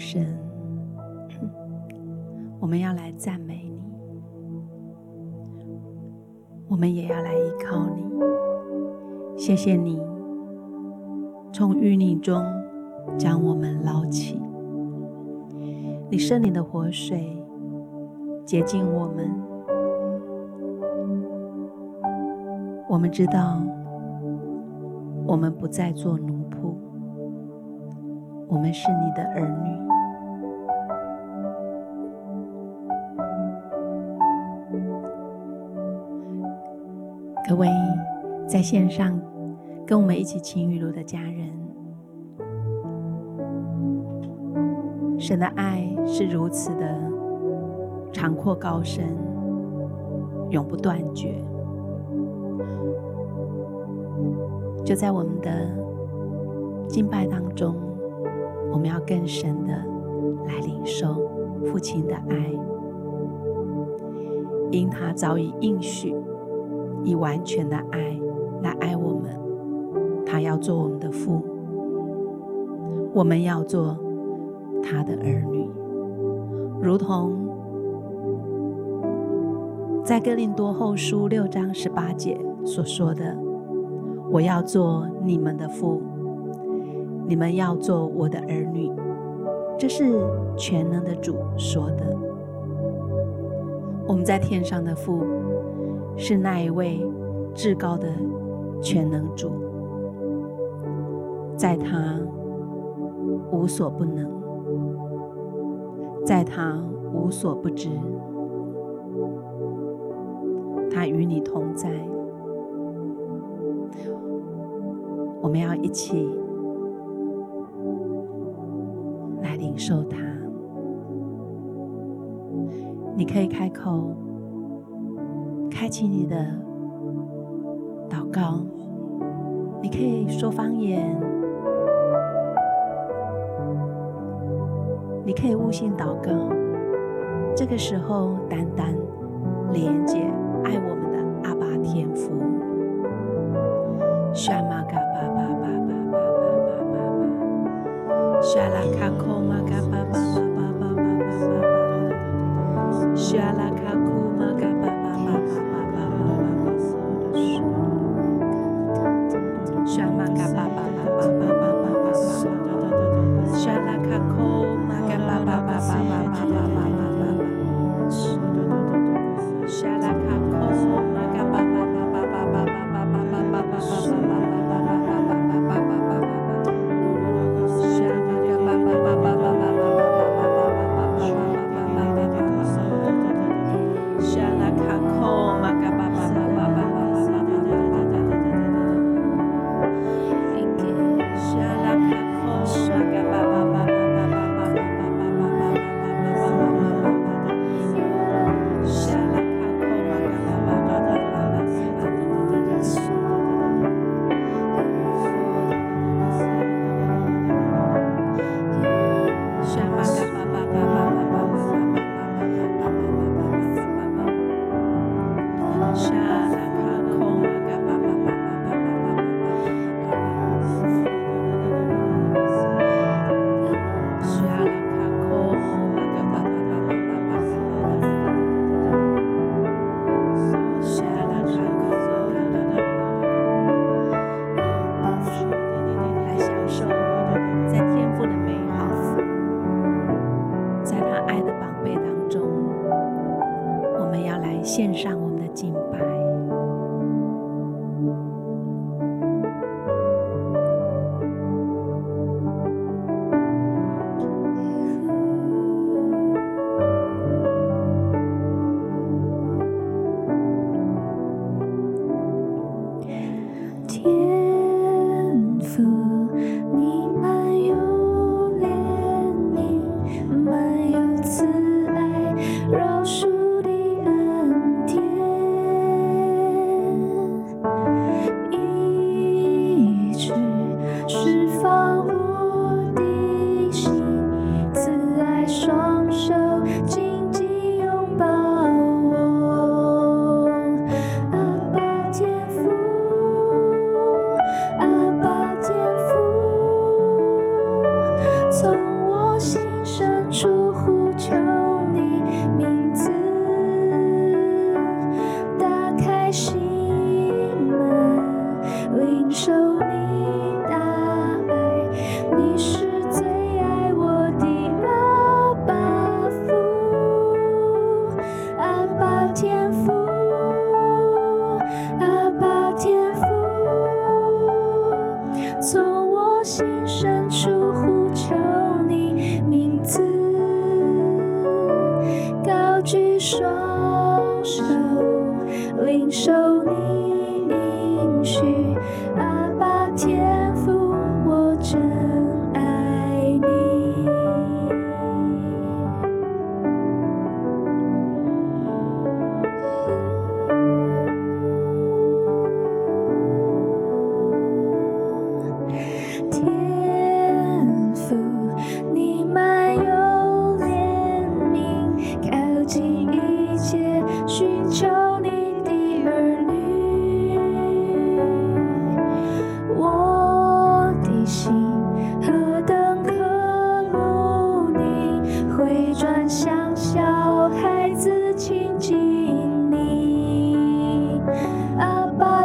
神，我們要來讚美你，我們也要來依靠你。謝謝你，從淤泥中將我們撈起，你聖靈的活水潔淨我們。我們知道，我們不再做奴僕，我們是你的兒女。喂，在線上跟我們一起聽雨露的家人，神的愛是如此的長闊高深，永不斷絕。就在我們的敬拜當中，我們要更深的來領受父親的愛，因他早已應許。以完全的愛來愛我們，他要做我們的父，我們要做他的兒女，如同在哥林多後書六章十八節所說的：“我要做你們的父，你們要做我的兒女。”這是全能的主說的。我們在天上的父。是那一位至高的全能主，在他無所不能，在他無所不知，他與你同在。我們要一起來領受他。你可以開口。開啟你的禱告，你可以說方言，你可以悟性禱告。這個時候，單單連接。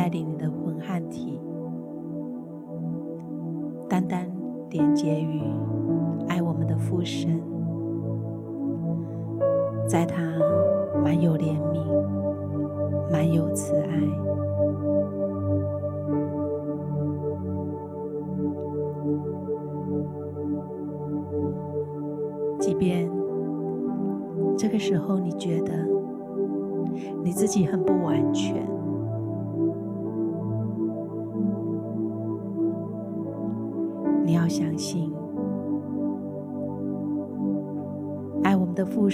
帶領你的魂漢體，單單連接於愛我們的父神，在他滿有憐憫，滿有慈愛，即便這個時候你覺得你自己很不完全。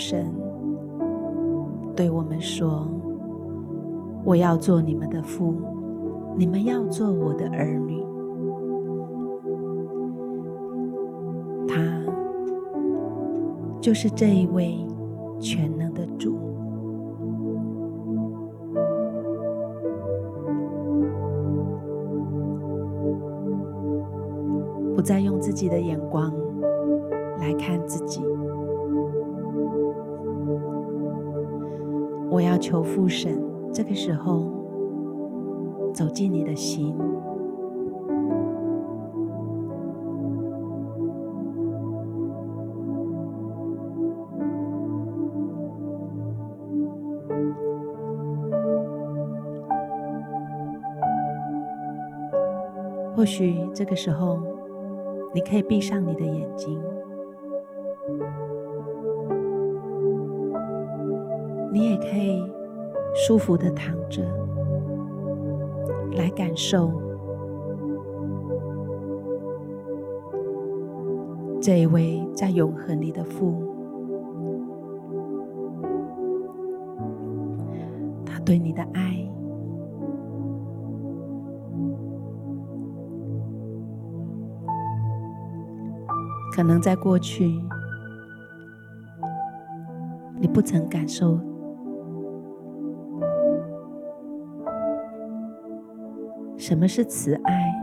神對我們說：“我要做你們的父，你們要做我的兒女。”他就是這一位全能的主，不再用自己的眼光來看自己。我要求父神，這個時候走進你的心。或許這個時候，你可以閉上你的眼睛。你可以舒服的躺着，來感受這一位在永恆裡的父，他對你的愛，可能在過去你不曾感受。什麼是慈愛？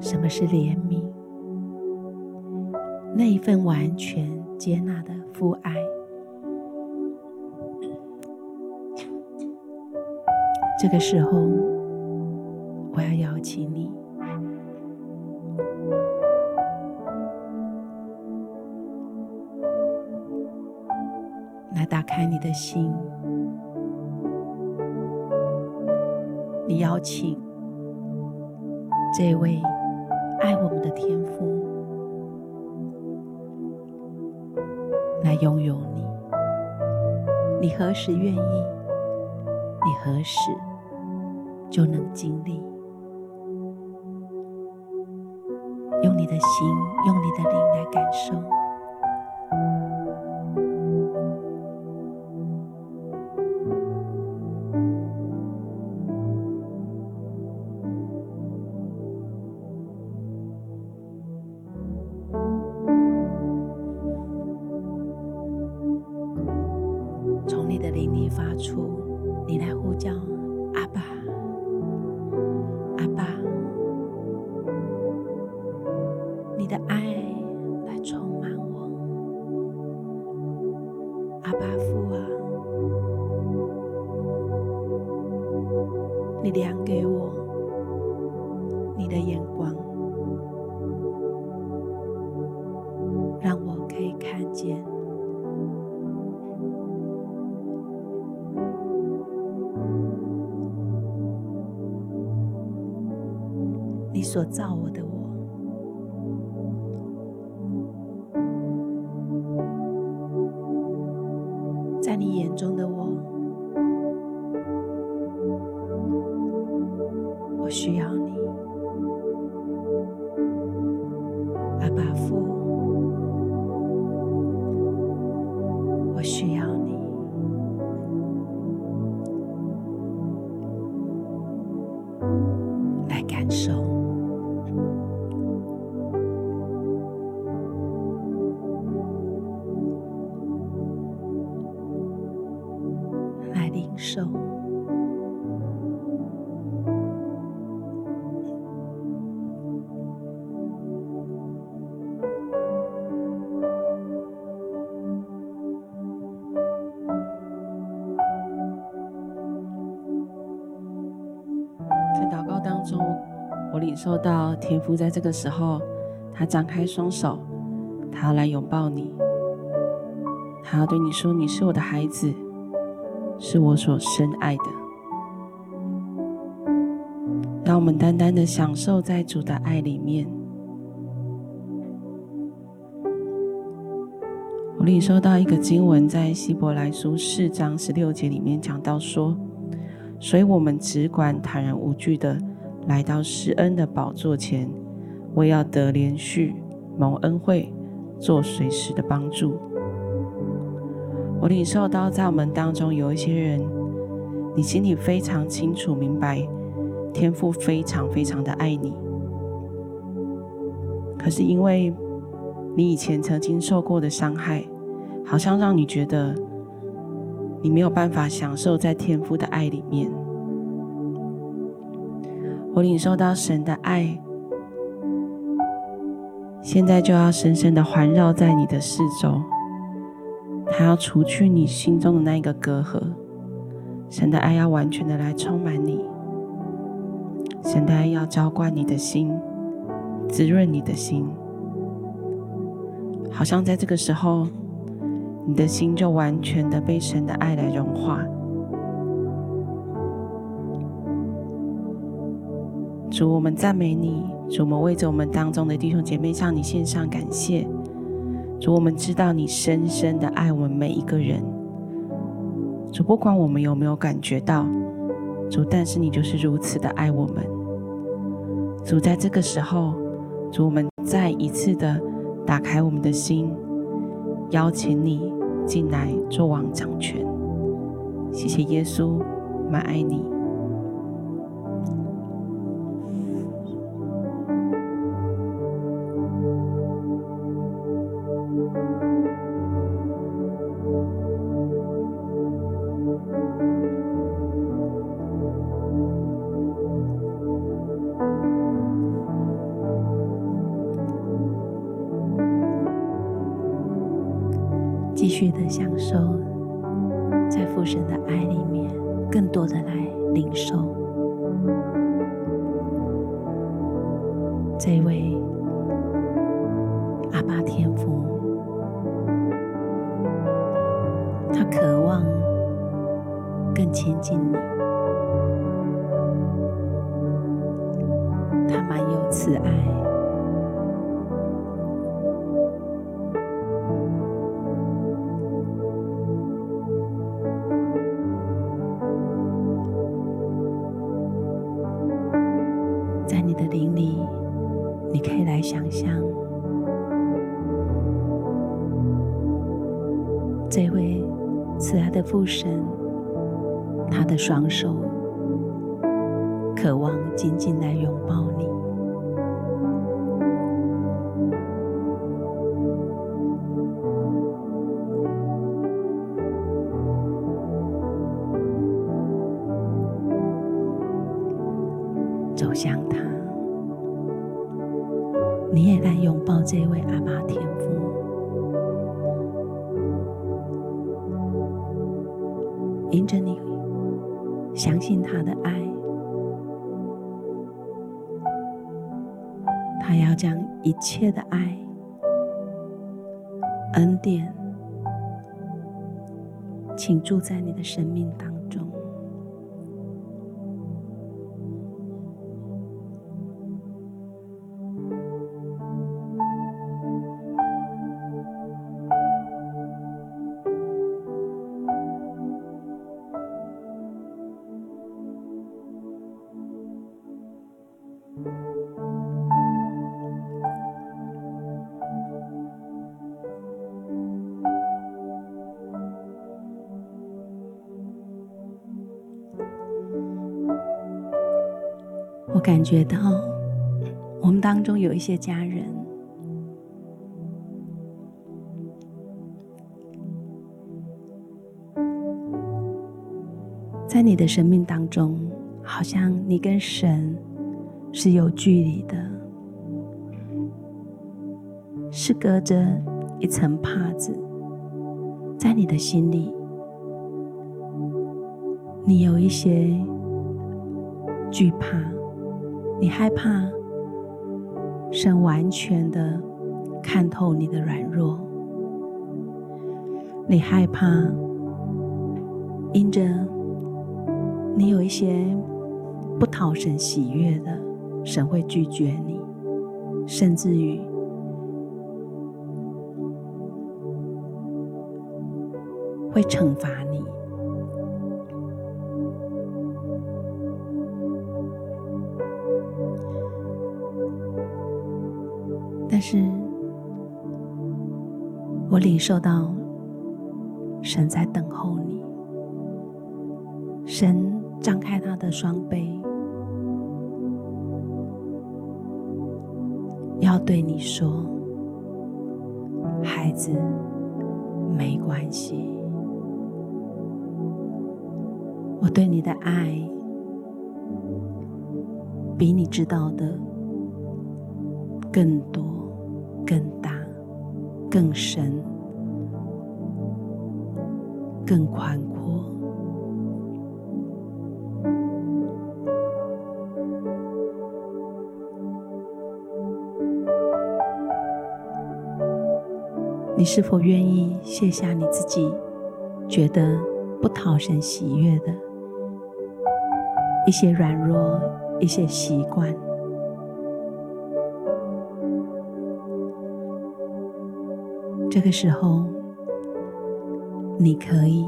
什麼是憐憫？那一份完全接納的父愛。這個時候，我要邀請你來打開你的心。你邀請這位愛我們的天父來擁有你，你何時願意，你何時就能經歷，用你的心，用你的靈來感受。你量給我，你的眼光，讓我可以看見你所造我的。手，受在禱告當中，我領受到天父在這個時候，他張開雙手，他要來擁抱你，他要對你說：“你是我的孩子。”是我所深愛的，讓我們單單的享受在主的愛裡面。我領收到一個經文，在希伯來書四章十六節裡面講到說，所以我們只管坦然無懼的來到施恩的寶座前，為要得憐恤，蒙恩惠，做隨時的幫助。我領受到，在我們當中有一些人，你心裡非常清楚明白，天父非常非常的愛你，可是因為你以前曾經受過的傷害，好像讓你覺得你沒有辦法享受在天父的愛裡面。我領受到神的愛，現在就要深深的環繞在你的四周。他要除去你心中的那一個隔閡，神的愛要完全的來充滿你，神的愛要澆灌你的心，滋潤你的心，好像在這個時候，你的心就完全的被神的愛來融化。主，我們讚美你，主，我們為着我們當中的弟兄姐妹向你獻上感謝。主，我們知道你深深的愛我們每一個人。主，不管我們有沒有感覺到，主，但是你就是如此的愛我們。主，在這個時候，主，我們再一次的打開我們的心，邀請你進來做王掌權。謝謝耶穌，滿愛你。這位阿爸天父，他渴望更親近你，他滿有慈愛。走向他，你也在擁抱這位阿爸天父，迎着你，相信他的愛，他要將一切的愛、恩典，傾注在你的生命當中。我感覺到，我們當中有一些家人，在你的生命當中，好像你跟神是有距離的，是隔着一層帕子，在你的心裡，你有一些懼怕。你害怕神完全的看透你的軟弱，你害怕因着你有一些不討神喜悅的，神會拒絕你，甚至於會懲罰你。但是，我領受到神在等候你。神張開他的雙臂，要對你說：“孩子，沒關係。我對你的愛比你知道的更多。”更大、更深、更寬闊，你是否願意卸下你自己覺得不討神喜悅的一些軟弱、一些習慣？這個時候，你可以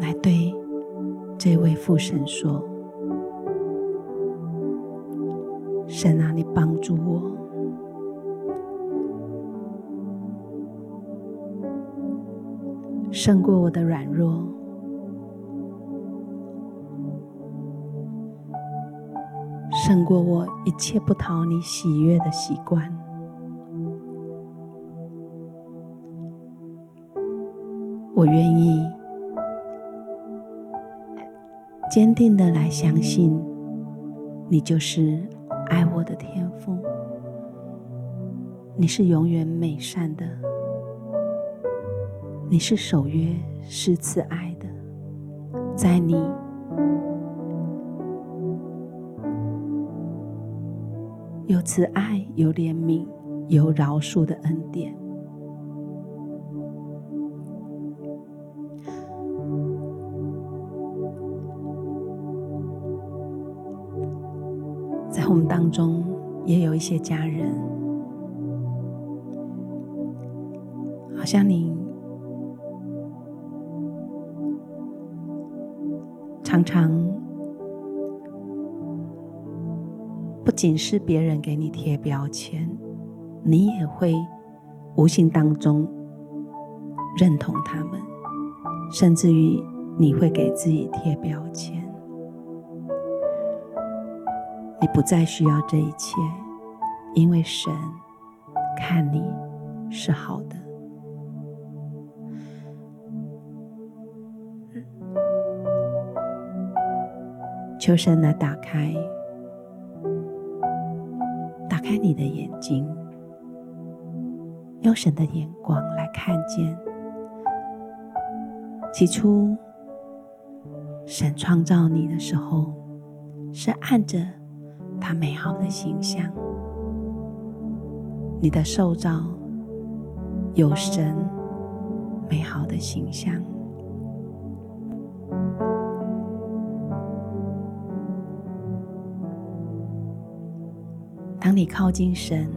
來對這位父神說：“神啊，你幫助我，勝過我的軟弱，勝過我一切不討你喜悅的習慣。”我願意堅定的來相信，你就是愛我的天父。你是永遠美善的，你是守約是慈愛的，在你有慈愛、有憐憫、有饒恕的恩典。我們當中也有一些家人，好像你常常不僅是別人給你貼標籤，你也會無形當中認同他們，甚至於你會給自己貼標籤。你不再需要這一切，因為神看你是好的。求神來打開，打開你的眼睛，用神的眼光來看見。起初，神創造你的時候，是按着。他美好的形象，你的受造有神美好的形象。當你靠近神，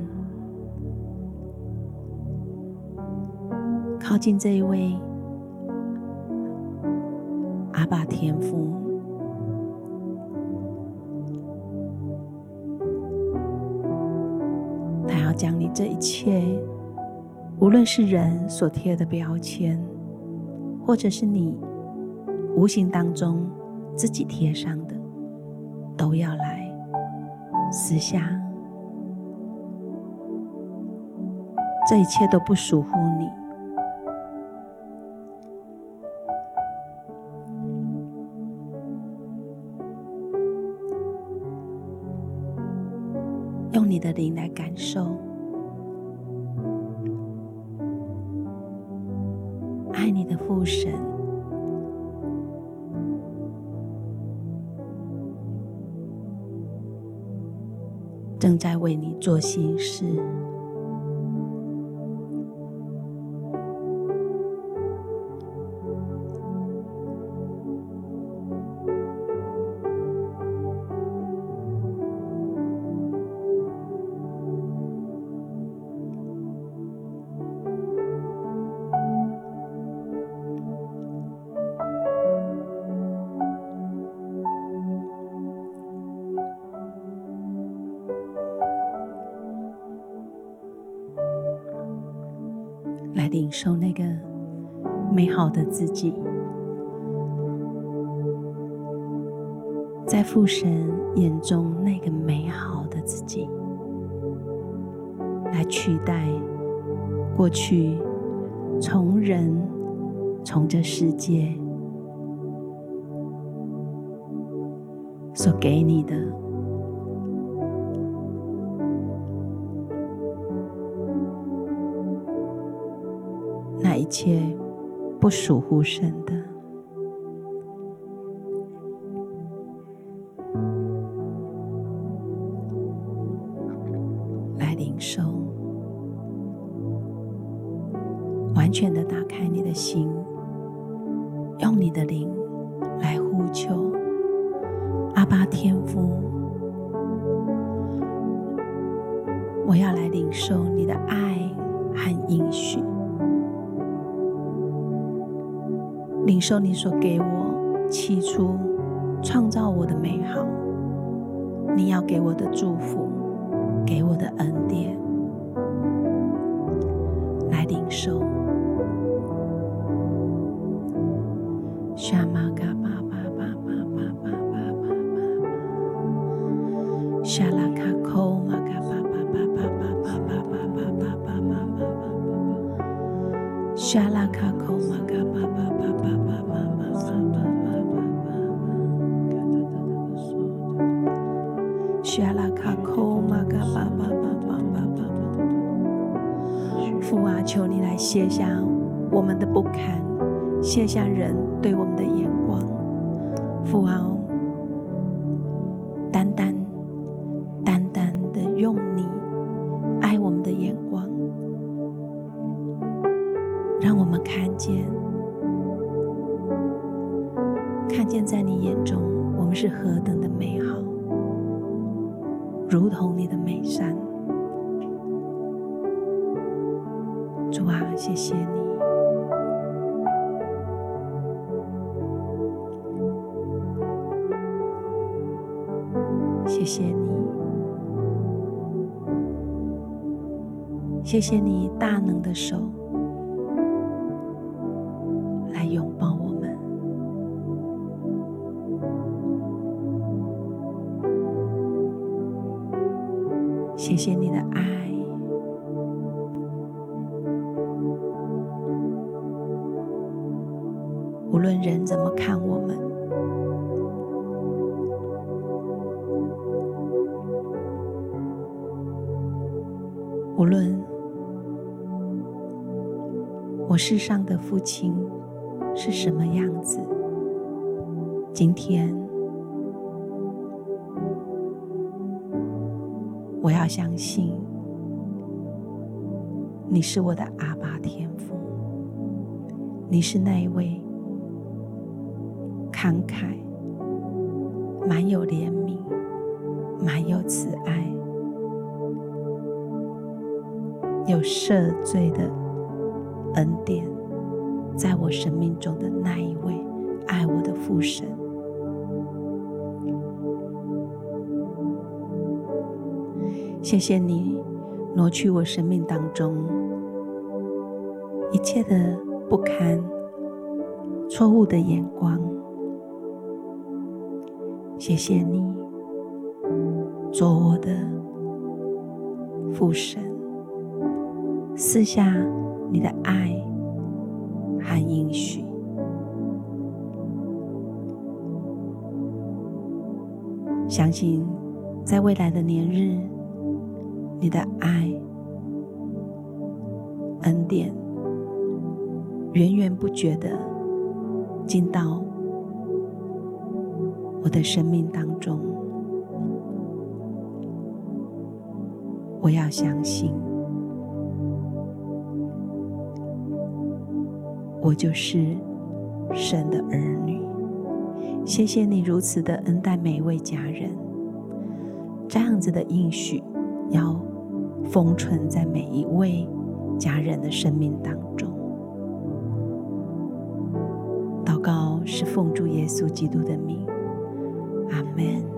靠近這一位阿爸天父，將你這一切，無論是人所貼的標籤，或者是你無形當中自己貼上的，都要來撕下。這一切都不屬乎你。受那個美好的自己，在父神眼中，那個美好的自己，來取代過去，從人，從這世界所給你的。一切不屬乎神的。你所給我起初創造我的美好，你要給我的祝福，給我的恩典，來領受。沙瑪嘎叭叭叭叭叭叭叭叭叭，沙拉卡口瑪嘎叭叭叭叭叭叭叭叭叭叭叭叭，沙拉卡口。卸下我們的不堪，卸下人對我們的眼光，父王。謝謝你，謝謝你大能的手。世上的父親是什麼樣子？今天我要相信，你是我的阿爸天父，你是那一位慷慨、滿有憐憫、滿有慈愛、有赦罪的。恩典，在我生命中的那一位愛我的父神，謝謝你挪去我生命當中一切的不堪、錯誤的眼光。謝謝你做我的父神，四下。你的愛和應許，相信在未來的年日，你的愛恩典源源不絕的進到我的生命當中，我要相信。我就是神的兒女，謝謝你如此的恩待每一位家人。這樣子的應許要封存在每一位家人的生命當中。禱告是奉主耶穌基督的名，阿門。